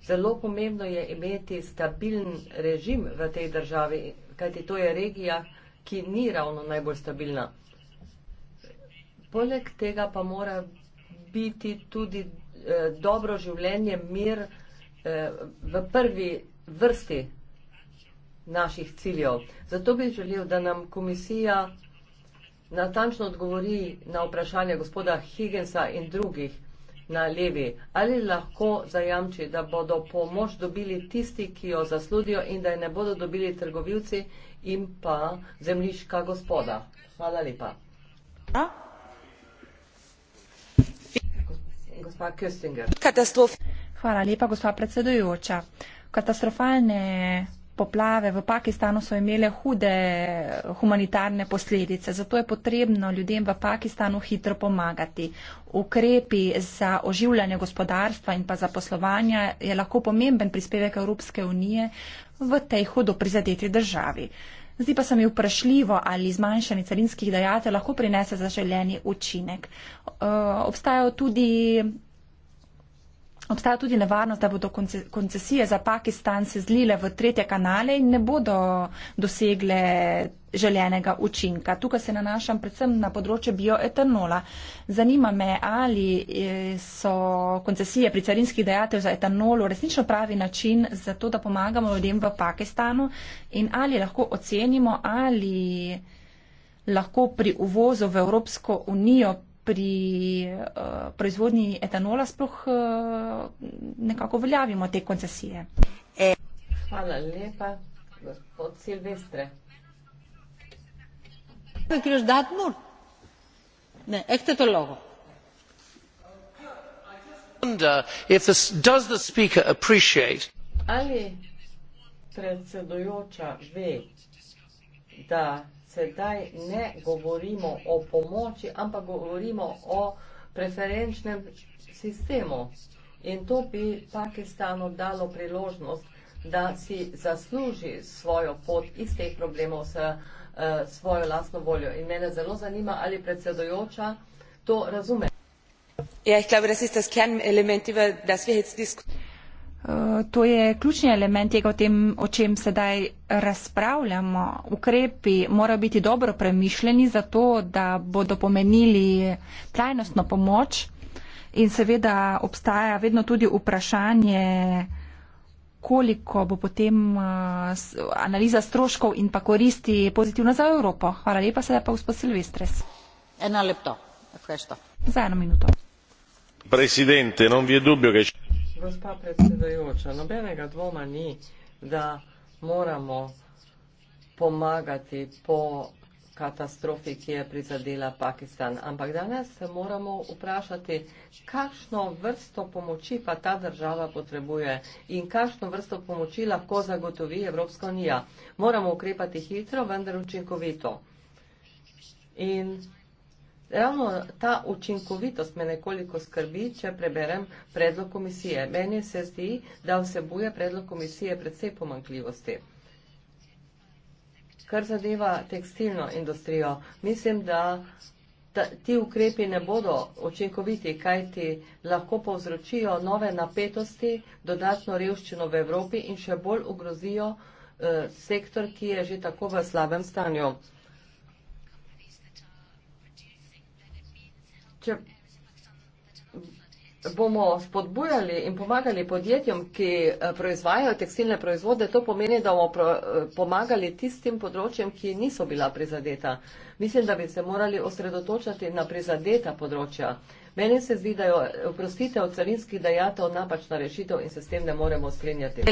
Zelo pomembno je imeti stabilen režim v tej državi, kajti to je regija, ki ni ravno najbolj stabilna. Poleg tega pa mora biti tudi eh, dobro življenje, mir eh, v prvi vrsti naših ciljev. Zato bi želel, da nam komisija natančno odgovori na vprašanje gospoda Higgensa in drugih na levi, ali lahko zajamči, da bodo pomoč dobili tisti, ki jo zasludijo in da je ne bodo dobili trgovilci in pa zemljiška gospoda. Hvala lepa. A? Gospa Köstinger. Katastrof. Hvala lepa, gospa predsedujoča. Katastrofalne poplave v Pakistanu so imele hude humanitarne posledice. Zato je potrebno ljudem v Pakistanu hitro pomagati. Ukrepi za oživljanje gospodarstva in pa za poslovanja je lahko pomemben prispevek Evropske unije v tej hudo prizadeti državi. Zdi pa se mi vprašljivo, ali zmanjšanje carinskih dajatev lahko prinese zaželjeni učinek. Uh, obstajajo tudi Obstaja tudi nevarnost, da bodo koncesije za Pakistan se zlile v tretje kanale in ne bodo dosegle želenega učinka. Tukaj se nanašam predvsem na področje bioetanola. Zanima me, ali eh, so koncesije pri carinskih dejatev za etanol resnično pravi način za to, da pomagamo ljudem v Pakistanu in ali lahko ocenimo, ali lahko pri uvozu v Evropsko unijo pri uh, proizvodnji etanola sploh uh, nekako uveljavimo te koncesije. E. Hvala lepa, gospod Silvestre. Kaj ti želiš dati, Nur? Ne, ektetologo. This, Ali predsedujoča ve, da sedaj ne govorimo o pomoči, ampak govorimo o preferenčnem sistemu. In to bi Pakistanu dalo priložnost, da si zasluži svojo pot iz teh problemov s eh, svojo lastno voljo. In mene zelo zanima, ali predsedojoča to razume. Ja, ich glaube, das ist das Kernelement, über das wir jetzt diskutieren. To je ključni element tega, o, tem, o čem sedaj razpravljamo. Ukrepi morajo biti dobro premišljeni za to, da bodo pomenili trajnostno pomoč in seveda obstaja vedno tudi vprašanje, koliko bo potem uh, analiza stroškov in pa koristi pozitivna za Evropo. Hvala lepa, sedaj pa gospod Silvestres. Eno lepto. Za eno minuto. Presidente, non vi è dubbio che. Gospa predsedujoča, nobenega dvoma ni, da moramo pomagati po katastrofi, ki je prizadela Pakistan. Ampak danes se moramo vprašati, kakšno vrsto pomoči pa ta država potrebuje in kakšno vrsto pomoči lahko zagotovi Evropska unija. Moramo ukrepati hitro, vendar učinkovito. In Ravno ta učinkovitost me nekoliko skrbi, če preberem predlog komisije. Meni se zdi, da vsebuje predlog komisije predvsej pomankljivosti. Kar zadeva tekstilno industrijo, mislim, da ta, ti ukrepi ne bodo učinkoviti, kajti lahko povzročijo nove napetosti, dodatno revščino v Evropi in še bolj ogrozijo eh, sektor, ki je že tako v slabem stanju. če bomo spodbujali in pomagali podjetjem, ki eh, proizvajajo tekstilne proizvode, to pomeni, da bomo eh, pomagali tistim področjem, ki niso bila prizadeta. Mislim, da bi se morali osredotočati na prizadeta področja. Meni se zdi, da je oprostitev carinskih dejatev napačna rešitev in se s tem ne moremo strinjati.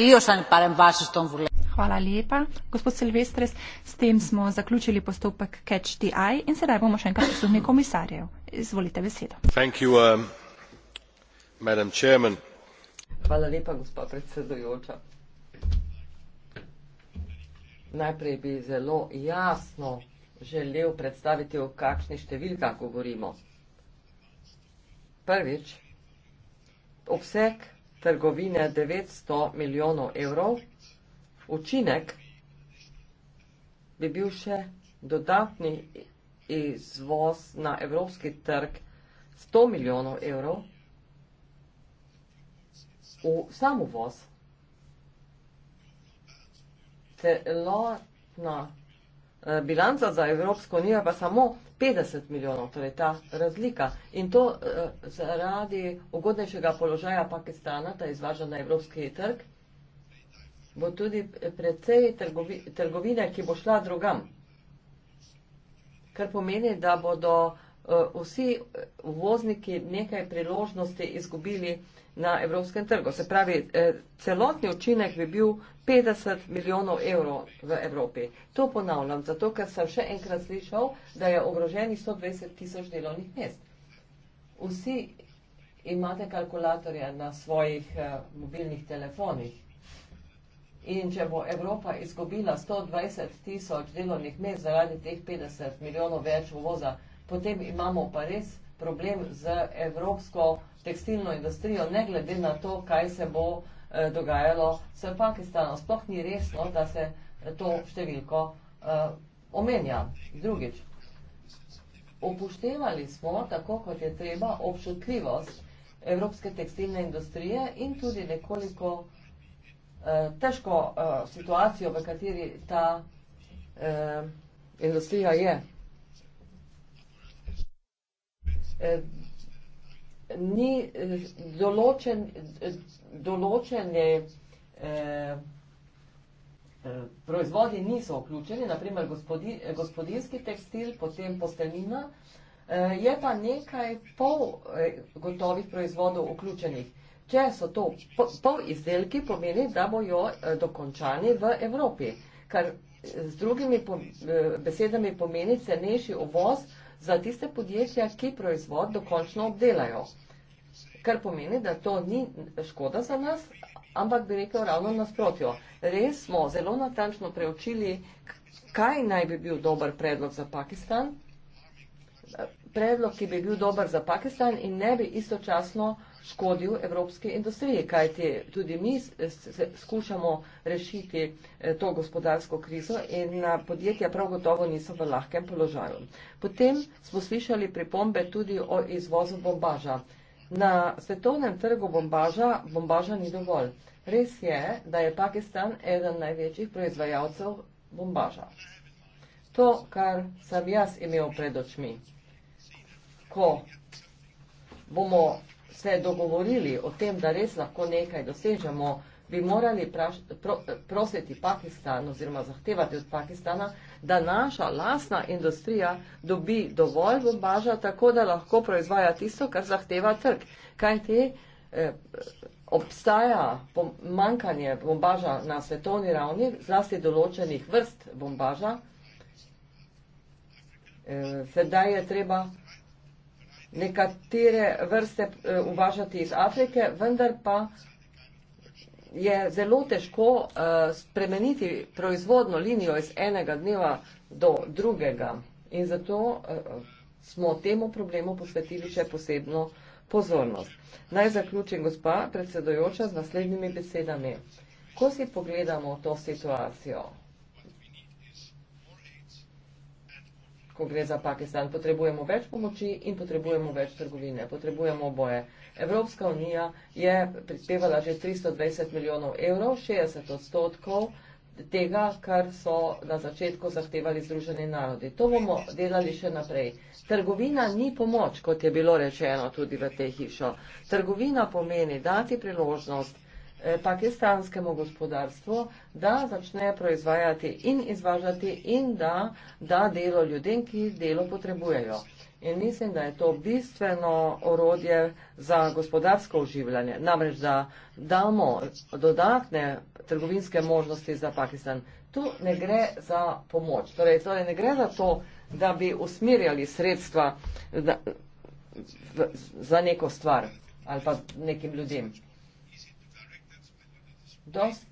Hvala lepa. Gospod Silvestres, s tem smo zaključili postopek Catch the Eye in sedaj bomo še enkrat poslovni komisarjev. Izvolite besedo. You, um, Hvala lepa, gospa predsedujoča. Najprej bi zelo jasno želel predstaviti, o kakšni številka govorimo. Prvič, obseg trgovine 900 milijonov evrov učinek bi bil še dodatni izvoz na evropski trg 100 milijonov evrov v samovoz. Celotna eh, bilanca za Evropsko unijo pa samo 50 milijonov, torej ta razlika. In to eh, zaradi ugodnejšega položaja Pakistana, da izvaža na evropski trg, bo tudi precej trgovi, trgovine, ki bo šla drugam. Kar pomeni, da bodo uh, vsi eh, uvozniki nekaj priložnosti izgubili na evropskem trgu. Se pravi, eh, celotni učinek bi bil 50 milijonov evrov v Evropi. To ponavljam, zato ker sem še enkrat slišal, da je ogroženih 120 tisoč delovnih mest. Vsi imate kalkulatorje na svojih eh, mobilnih telefonih. In če bo Evropa izgubila 120 tisoč delovnih mest zaradi teh 50 milijonov več uvoza, potem imamo pa res problem z evropsko tekstilno industrijo, ne glede na to, kaj se bo eh, dogajalo s Pakistanom. Sploh ni resno, da se eh, to številko eh, omenja. Drugič, upoštevali smo, tako kot je treba, občutljivost evropske tekstilne industrije in tudi nekoliko. Eh, težko uh, situacijo, v kateri ta uh, industrija je. Uh, ni določen, določene uh, proizvodi niso vključeni, naprimer gospodi, gospodinski tekstil, potem postelina, je pa nekaj pol gotovih proizvodov vključenih. Če so to pol izdelki, pomeni, da bojo eh, dokončani v Evropi, kar eh, z drugimi eh, besedami pomeni cenejši uvoz za tiste podjetja, ki proizvod dokončno obdelajo. Kar pomeni, da to ni škoda za nas, ampak bi rekel ravno nasprotjo. Res smo zelo natančno preučili, kaj naj bi bil dober predlog za Pakistan. Predlog, ki bi bil dober za Pakistan in ne bi istočasno uh, škodil evropske industrije, kajti tudi mi skušamo rešiti eh, to gospodarsko krizo in podjetja prav gotovo niso v lahkem položaju. Potem smo slišali pripombe tudi o izvozu bombaža. Na svetovnem trgu bombaža, bombaža ni dovolj. Res je, da je Pakistan eden največjih proizvajalcev bombaža. To, kar sem jaz imel pred očmi, ko bomo se dogovorili o tem, da res lahko nekaj dosežemo, bi morali praš, pro, prositi Pakistan oziroma zahtevati od Pakistana, da naša lasna industrija dobi dovolj bombaža, tako da lahko proizvaja tisto, kar zahteva trg. Kaj te eh, obstaja pomankanje bombaža na svetovni ravni, zlasti določenih vrst bombaža, eh, sedaj je treba nekatere vrste eh, uvažati iz Afrike, vendar pa je zelo težko eh, spremeniti proizvodno linijo iz enega dneva do drugega. In zato eh, smo temu problemu posvetili še posebno pozornost. Naj zaključim, gospa predsedojoča, z naslednjimi besedami. Ko si pogledamo to situacijo, ko gre za Pakistan. Potrebujemo več pomoči in potrebujemo več trgovine. Potrebujemo oboje. Evropska unija je prispevala že 320 milijonov evrov, 60 odstotkov tega, kar so na začetku zahtevali Združeni narodi. To bomo delali še naprej. Trgovina ni pomoč, kot je bilo rečeno tudi v tej hišo. Trgovina pomeni dati priložnost Eh, pakistanskemu gospodarstvu, da začne proizvajati in izvažati in da da delo ljudem, ki delo potrebujejo. In mislim, da je to bistveno orodje za gospodarsko oživljanje. Namreč, da damo dodatne trgovinske možnosti za Pakistan. Tu ne gre za pomoč. Torej, torej ne gre za to, da bi usmirjali sredstva da, v, za neko stvar ali pa nekim ljudem dost,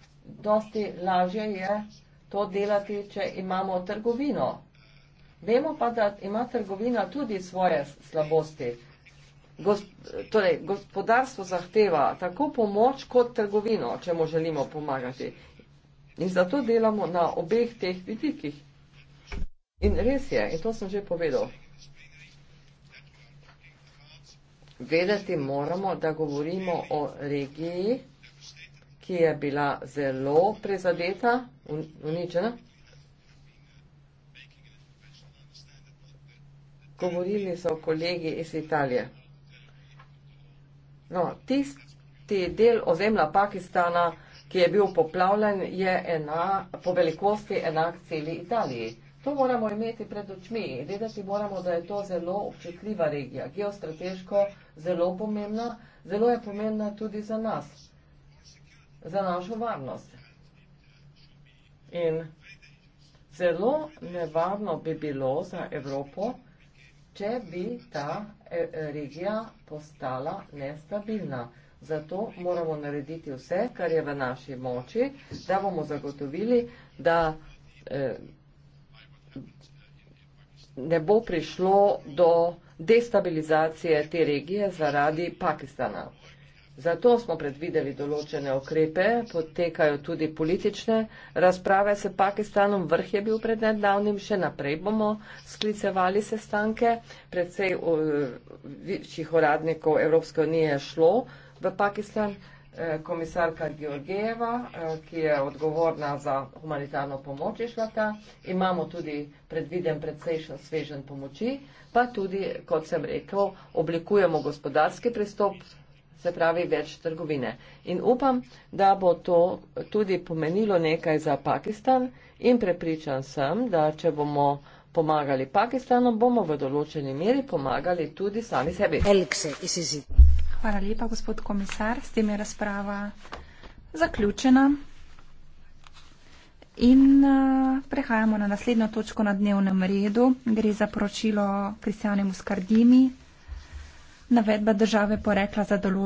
dosti lažje je to delati, če imamo trgovino. Vemo pa, da ima trgovina tudi svoje slabosti. Gosp, torej, gospodarstvo zahteva tako pomoč kot trgovino, če mu želimo pomagati. In zato delamo na obeh teh vidikih. In res je, in to sem že povedal. Vedeti moramo, da govorimo o regiji, ki je bila zelo prizadeta, uničena. Govorili so kolegi iz Italije. No, tisti del ozemlja Pakistana, ki je bil poplavljen, je ena, po velikosti enak celi Italiji. To moramo imeti pred očmi. Vedeti moramo, da je to zelo občutljiva regija, geostrateško zelo pomembna, zelo je pomembna tudi za nas za našo varnost. In zelo nevarno bi bilo za Evropo, če bi ta e, e, regija postala nestabilna. Zato moramo narediti vse, kar je v naši moči, da bomo zagotovili, da e, ne bo prišlo do destabilizacije te regije zaradi Pakistana. Zato smo predvideli določene okrepe, potekajo tudi politične razprave s Pakistanom, vrh je bil pred nedavnim, še naprej bomo sklicevali sestanke, predvsej večjih uradnikov Evropske unije je šlo v Pakistan, e, komisarka Georgijeva, e, ki je odgovorna za humanitarno pomoč, je šla ta, imamo tudi predviden predvsejšen svežen pomoči, pa tudi, kot sem rekel, oblikujemo gospodarski pristop, se pravi več trgovine. In upam, da bo to tudi pomenilo nekaj za Pakistan in prepričan sem, da če bomo pomagali Pakistanu, bomo v določeni meri pomagali tudi sami sebi. Hvala lepa, gospod komisar. S tem je razprava zaključena. In eh, prehajamo na naslednjo točko na dnevnem redu. Gre za poročilo Kristjane Muskardimi. Navedba države porekla za določenje.